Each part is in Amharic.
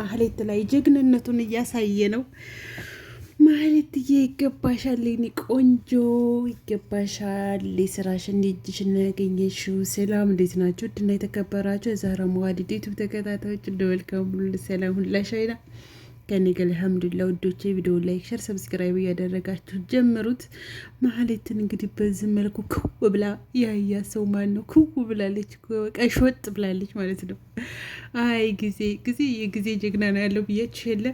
ማህሌት ላይ ጀግንነቱን እያሳየ ነው። ማህሌትዬ ይገባሻል፣ የኔ ቆንጆ ይገባሻል። የስራሽ እንዲጅሽን ያገኘሽው። ሰላም እንዴት ናቸው? ድና የተከበራቸው የዛራ መዋዲድ ዩቱብ ተከታታዮች እንደ እንደወልከም ሰላም ሁላሻይና ከኔ ጋር አልሐምዱላ ውዶቼ፣ ቪዲዮ ላይክ፣ ሸር፣ ሰብስክራይብ እያደረጋችሁ ጀምሩት። ማለት እንግዲህ በዚህ መልኩ ክው ብላ ያያ ሰው ማን ነው? ክው ብላለች፣ ቀሾጥ ብላለች ማለት ነው። አይ ጊዜ ጊዜ የጊዜ ጀግና ነው ያለው ብያችሁ የለ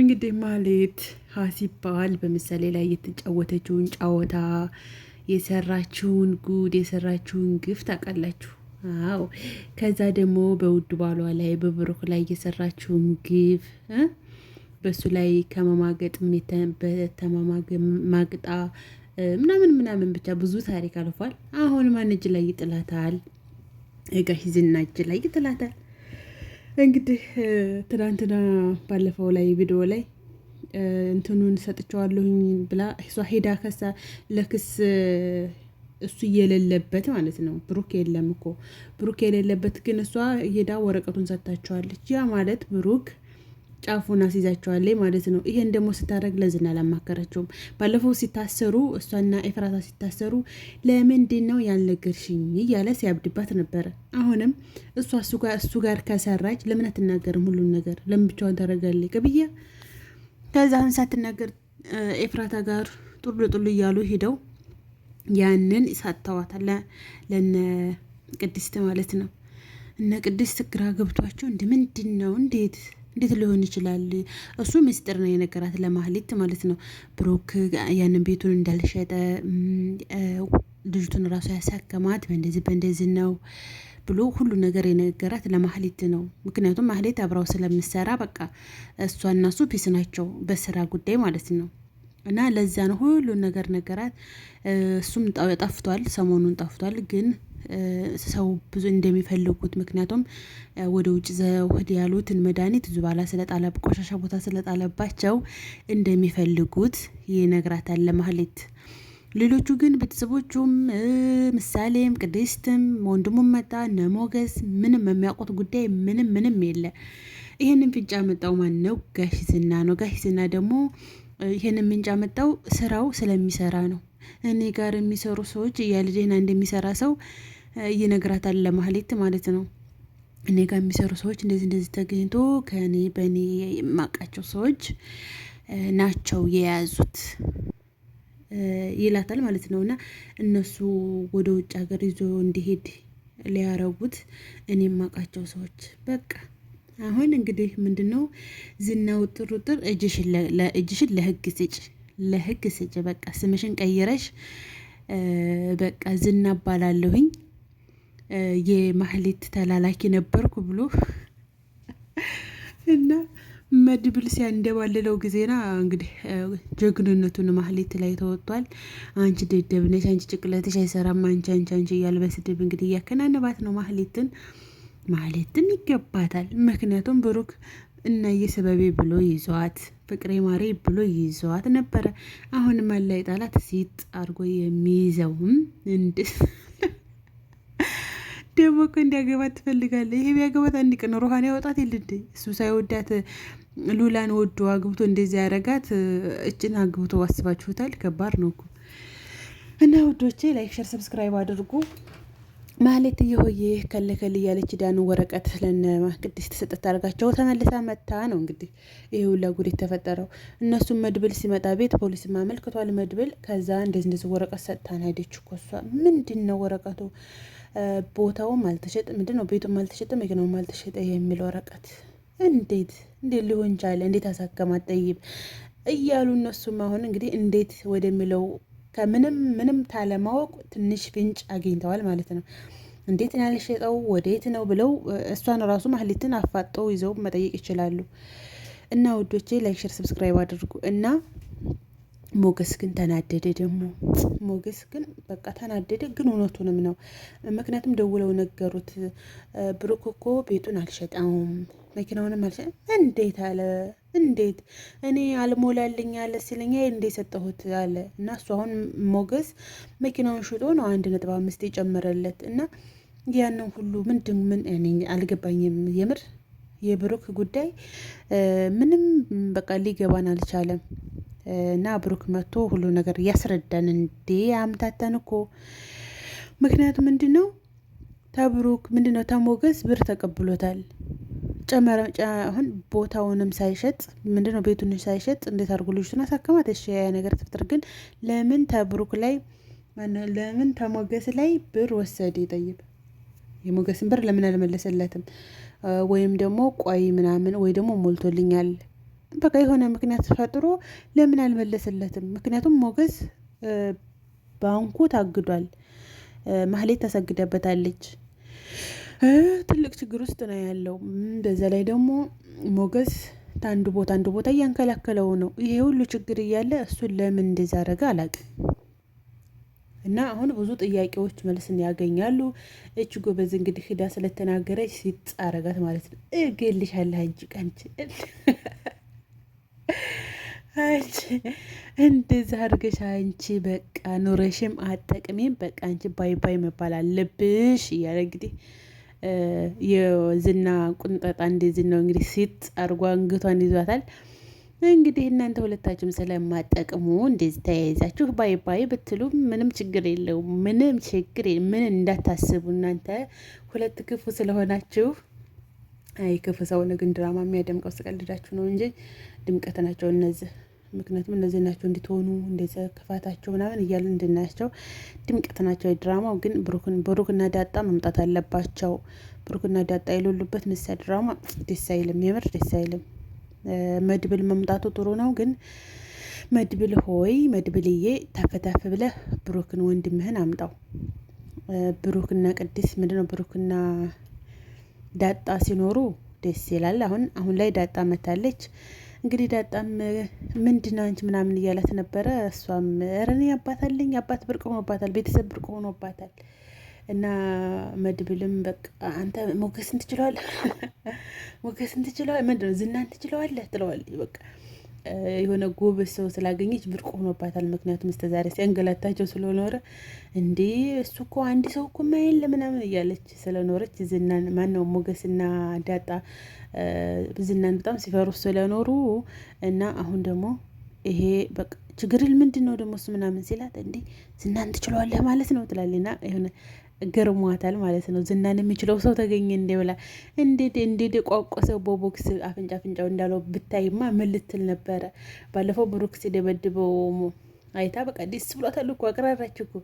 እንግዲህ ማህሌት ሀሲባል በምሳሌ ላይ የተጫወተችውን ጫወታ የሰራችውን ጉድ የሰራችውን ግፍ ታውቃላችሁ። አዎ ከዛ ደግሞ በውድ ባሏ ላይ በብሩክ ላይ የሰራችውን ግፍ በሱ ላይ ከመማገጥ በተማማግጣ ምናምን ምናምን ብቻ ብዙ ታሪክ አልፏል። አሁን ማን እጅ ላይ ይጥላታል? ጋሽ ዝና እጅ ላይ ይጥላታል። እንግዲህ ትናንትና ባለፈው ላይ ቪዲዮ ላይ እንትኑን ሰጥቸዋለሁኝ ብላ እሷ ሄዳ ከሳ ለክስ እሱ የሌለበት ማለት ነው። ብሩክ የለም እኮ ብሩክ የሌለበት ግን እሷ ሄዳ ወረቀቱን ሰጥታቸዋለች። ያ ማለት ብሩክ ጫፉን አስይዛቸዋለች ማለት ነው። ይሄን ደግሞ ስታደርግ ለዝና አላማከረችውም። ባለፈው ሲታሰሩ እሷና ኤፍራታ ሲታሰሩ ለምንድን ነው ያልነገርሽኝ እያለ ሲያብድባት ነበረ። አሁንም እሷ እሱ ጋር ከሰራች ለምን አትናገርም? ሁሉን ነገር ለምን ብቻዋን ታደርጋለች? ቅብያ ከዛ አሁን ሳትናገር ኤፍራታ ጋር ጡሉ እያሉ ሂደው ያንን ሰጥተዋታል ለነ ቅድስት ማለት ነው። እነ ቅድስት ግራ ገብቷቸው እንደ ምንድን ነው እንዴት እንዴት ሊሆን ይችላል? እሱ ምስጢር ነው የነገራት ለማህሌት ማለት ነው። ብሩክ ያንን ቤቱን እንዳልሸጠ ልጅቱን ራሱ ያሳከማት በእንደዚህ በእንደዚህ ነው ብሎ ሁሉ ነገር የነገራት ለማህሌት ነው። ምክንያቱም ማህሌት አብራው ስለምሰራ በቃ እሷ እና እሱ ፒስ ናቸው በስራ ጉዳይ ማለት ነው። እና ለዛ ነው ሁሉን ነገር ነገራት። እሱም ጠፍቷል፣ ሰሞኑን ጠፍቷል ግን ሰው ብዙ እንደሚፈልጉት ምክንያቱም ወደ ውጭ ዘውድ ያሉትን መድኃኒት እዙ ባላ ስለጣለ ቆሻሻ ቦታ ስለጣለባቸው እንደሚፈልጉት ይነግራታል ለማህሌት። ሌሎቹ ግን ቤተሰቦቹም ምሳሌም ቅድስትም ወንድሙም መጣ እነ ሞገስ ምንም የሚያውቁት ጉዳይ ምንም ምንም የለ። ይህንን ፍንጫ መጣው ማን ነው? ጋሽ ዝና ነው። ጋሽ ዝና ደግሞ ይሄን ምንጭ መጣው ስራው ስለሚሰራ ነው። እኔ ጋር የሚሰሩ ሰዎች የልጄና እንደሚሰራ ሰው ይነግራታል ለማህሌት ማለት ነው። እኔ ጋር የሚሰሩ ሰዎች እንደዚህ እንደዚህ ተገኝቶ ከእኔ በእኔ የማውቃቸው ሰዎች ናቸው የያዙት ይላታል ማለት ነው። እና እነሱ ወደ ውጭ ሀገር ይዞ እንዲሄድ ሊያረጉት እኔ የማውቃቸው ሰዎች በቃ አሁን እንግዲህ ምንድን ነው ዝናው ጥሩጥር እጅሽን ለህግ ስጭ፣ ለህግ ስጭ። በቃ ስምሽን ቀይረሽ በቃ ዝና እባላለሁኝ የማህሌት ተላላኪ ነበርኩ ብሎ እና መድብል ሲያንደባልለው ጊዜና እንግዲህ ጀግንነቱን ማህሌት ላይ ተወጥቷል። አንቺ ደደብነሽ፣ አንቺ ጭቅለትሽ አይሰራም፣ አንቺ አንቺ አንቺ እያለ በስድብ እንግዲህ እያከናነባት ነው ማህሌትን ማለትም ይገባታል። ምክንያቱም ብሩክ እናዬ ሰበቤ ብሎ ይዘዋት ፍቅሬ ማሬ ብሎ ይዘዋት ነበረ። አሁን መላይ ጣላት ሲጥ አድርጎ የሚይዘውም እንድ ደግሞ እኮ እንዲያገባት ትፈልጋለህ። ይሄ ቢያገባት አንድ ቀን ሩሃን ያወጣት የልድ እሱ ሳይወዳት ሉላን ወዶ አግብቶ እንደዚህ ያረጋት እጭን አግብቶ አስባችሁታል? ከባድ ነው እኮ እና ውዶቼ ላይክ፣ ሸር፣ ሰብስክራይብ አድርጉ። ማለት የሆዬ ከለከል እያለች ዳኑ ወረቀት ለነ ቅድስት ተሰጠት አድርጋቸው ተመልሳ መታ ነው እንግዲህ ይህ ሁላ ጉድ የተፈጠረው። እነሱም መድብል ሲመጣ ቤት ፖሊስ አመልክቷል። መድብል ከዛ እንደዚህ እንደዚህ ወረቀት ሰጥታን ሄደች እኮ እሷ። ምንድን ነው ወረቀቱ? ቦታውም አልተሸጥም፣ ምንድን ነው ቤቱም አልተሸጥም፣ መኪናውም አልተሸጠ የሚል ወረቀት። እንዴት እንዴት ሊሆን ቻለ? እንዴት አሳከማት? ጠይብ እያሉ እነሱም አሁን እንግዲህ እንዴት ወደሚለው ከምንም ምንም ታለማወቅ ትንሽ ፍንጭ አግኝተዋል ማለት ነው። እንዴት ነው ያልሸጠው? ወዴት ነው ብለው እሷን ራሱ ማህሌትን አፋጠው ይዘው መጠየቅ ይችላሉ። እና ውዶቼ ላይክ፣ ሸር፣ ሰብስክራይብ አድርጉ እና ሞገስ ግን ተናደደ። ደግሞ ሞገስ ግን በቃ ተናደደ፣ ግን እውነቱንም ነው። ምክንያቱም ደውለው ነገሩት። ብሩክ እኮ ቤቱን አልሸጠውም፣ መኪናውንም አልሸጠ እንዴት አለ እንዴት እኔ አልሞላልኝ ያለ ሲለኝ እንዴ ሰጠሁት አለ እና እሱ አሁን ሞገስ መኪናውን ሽጦ ነው አንድ ነጥብ አምስት የጨመረለት እና ያንን ሁሉ ምንድን ምን እኔ አልገባኝም። የምር የብሩክ ጉዳይ ምንም በቃ ሊገባን አልቻለም። እና ብሩክ መጥቶ ሁሉ ነገር ያስረዳን እንዴ አምታተን እኮ ምክንያቱ ምንድን ነው? ተብሩክ ምንድን ነው ተሞገስ ብር ተቀብሎታል። ጨመረ አሁን ቦታውንም ሳይሸጥ ምንድነው ቤቱን ሳይሸጥ እንዴት አድርጎ ልጅቱን አሳከማት? እሺ ያ ነገር ትፍጥር። ግን ለምን ተብሩክ ላይ ለምን ተሞገስ ላይ ብር ወሰደ? ይጠይብ የሞገስን ብር ለምን አልመለሰለትም? ወይም ደግሞ ቆይ ምናምን ወይ ደግሞ ሞልቶልኛል በቃ የሆነ ምክንያት ፈጥሮ ለምን አልመለሰለትም? ምክንያቱም ሞገስ ባንኩ ታግዷል፣ ማህሌት ታሰግዳበታለች። ትልቅ ችግር ውስጥ ነው ያለው። በዛ ላይ ደግሞ ሞገስ አንድ ቦታ አንዱ ቦታ እያንከላከለው ነው። ይሄ ሁሉ ችግር እያለ እሱን ለምን እንደዚያ አደረገ አላውቅም። እና አሁን ብዙ ጥያቄዎች መልስን ያገኛሉ። እች ጎበዝ እንግዲህ ሂዳ ስለተናገረች ሲጥ አረጋት ማለት ነው። እገልሻለሁ አንቺ ቀንች አንቺ እንደዚህ አድርገሽ አንቺ በቃ ኑረሽም አጠቅሜም በቃ አንቺ ባይ ባይ መባል አለብሽ እያለ እንግዲህ የዝና ቁንጠጣ እንደዚህ ነው እንግዲህ ሲጥ አርጓ አንገቷን ይዟታል። እንግዲህ እናንተ ሁለታችሁም ስለማጠቅሙ እንደዚህ ተያይዛችሁ ባይ ባይ ብትሉ ምንም ችግር የለውም። ምንም ችግር ምን እንዳታስቡ እናንተ ሁለት ክፉ ስለሆናችሁ። አይ ክፉ ሰው ነው ግን ድራማ የሚያደምቀው ስቀልዳችሁ ነው እንጂ ድምቀት ናቸው እነዚህ። ምክንያቱም እንደዚህ ናቸው እንድትሆኑ እንደዚ ክፋታቸው ምናምን እያለ እንድናያቸው ድምቀት ናቸው የድራማው ግን ብሩክና ዳጣ መምጣት አለባቸው። ብሩክና ዳጣ የሌሉበት ምሳሌ ድራማ ደስ አይልም፣ የምር ደስ አይልም። መድብል መምጣቱ ጥሩ ነው ግን መድብል ሆይ መድብልዬ ተፈታፍ ብለህ ብሩክን ወንድምህን አምጣው። ብሩክና ቅድስ ምንድነው ብሩክና ዳጣ ሲኖሩ ደስ ይላል። አሁን አሁን ላይ ዳጣ መታለች። እንግዲህ ዳጣም ምንድን ነው አንቺ ምናምን እያላት ነበረ። እሷም ረኔ እኔ አባታለኝ አባት ብርቅ ሆኖባታል፣ ቤተሰብ ብርቅ ሆኖባታል። እና መድብልም በቃ አንተ ሞገስን ትችለዋለህ፣ ሞገስን ትችለዋለህ፣ ምንድን ነው ዝናን ትችለዋለህ ትለዋለች በቃ የሆነ ጎበዝ ሰው ስላገኘች ብርቅ ሆኖባታል። ምክንያቱም እስተዛሬ ሲያንገላታቸው ስለኖረ እንዴ እሱ እኮ አንድ ሰው እኮ ማይን ለምናምን እያለች ስለኖረች ዝናን ማነው ሞገስና ዳጣ ዝናን በጣም ሲፈሩ ስለኖሩ እና አሁን ደግሞ ይሄ በቃ ችግርል ምንድን ነው ደግሞ እሱ ምናምን ሲላት እንዴ ዝናን ትችለዋለህ ማለት ነው ትላለና የሆነ ገርሟታል ማለት ነው። ዝናን የሚችለው ሰው ተገኘ እንዴ ብላ እንዴት እንዴት የቋቆሰው በቦክስ አፍንጫ አፍንጫው እንዳለው ብታይማ ምን ልትል ነበረ? ባለፈው ብሩክስ ደበድበው አይታ በቃ ደስ ብሏታል እኮ እኮ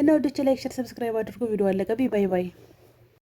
እና ወዶች ላይክ፣ ሸር፣ ሰብስክራይብ አድርጎ ቪዲዮ አለቀ። ባይ ባይ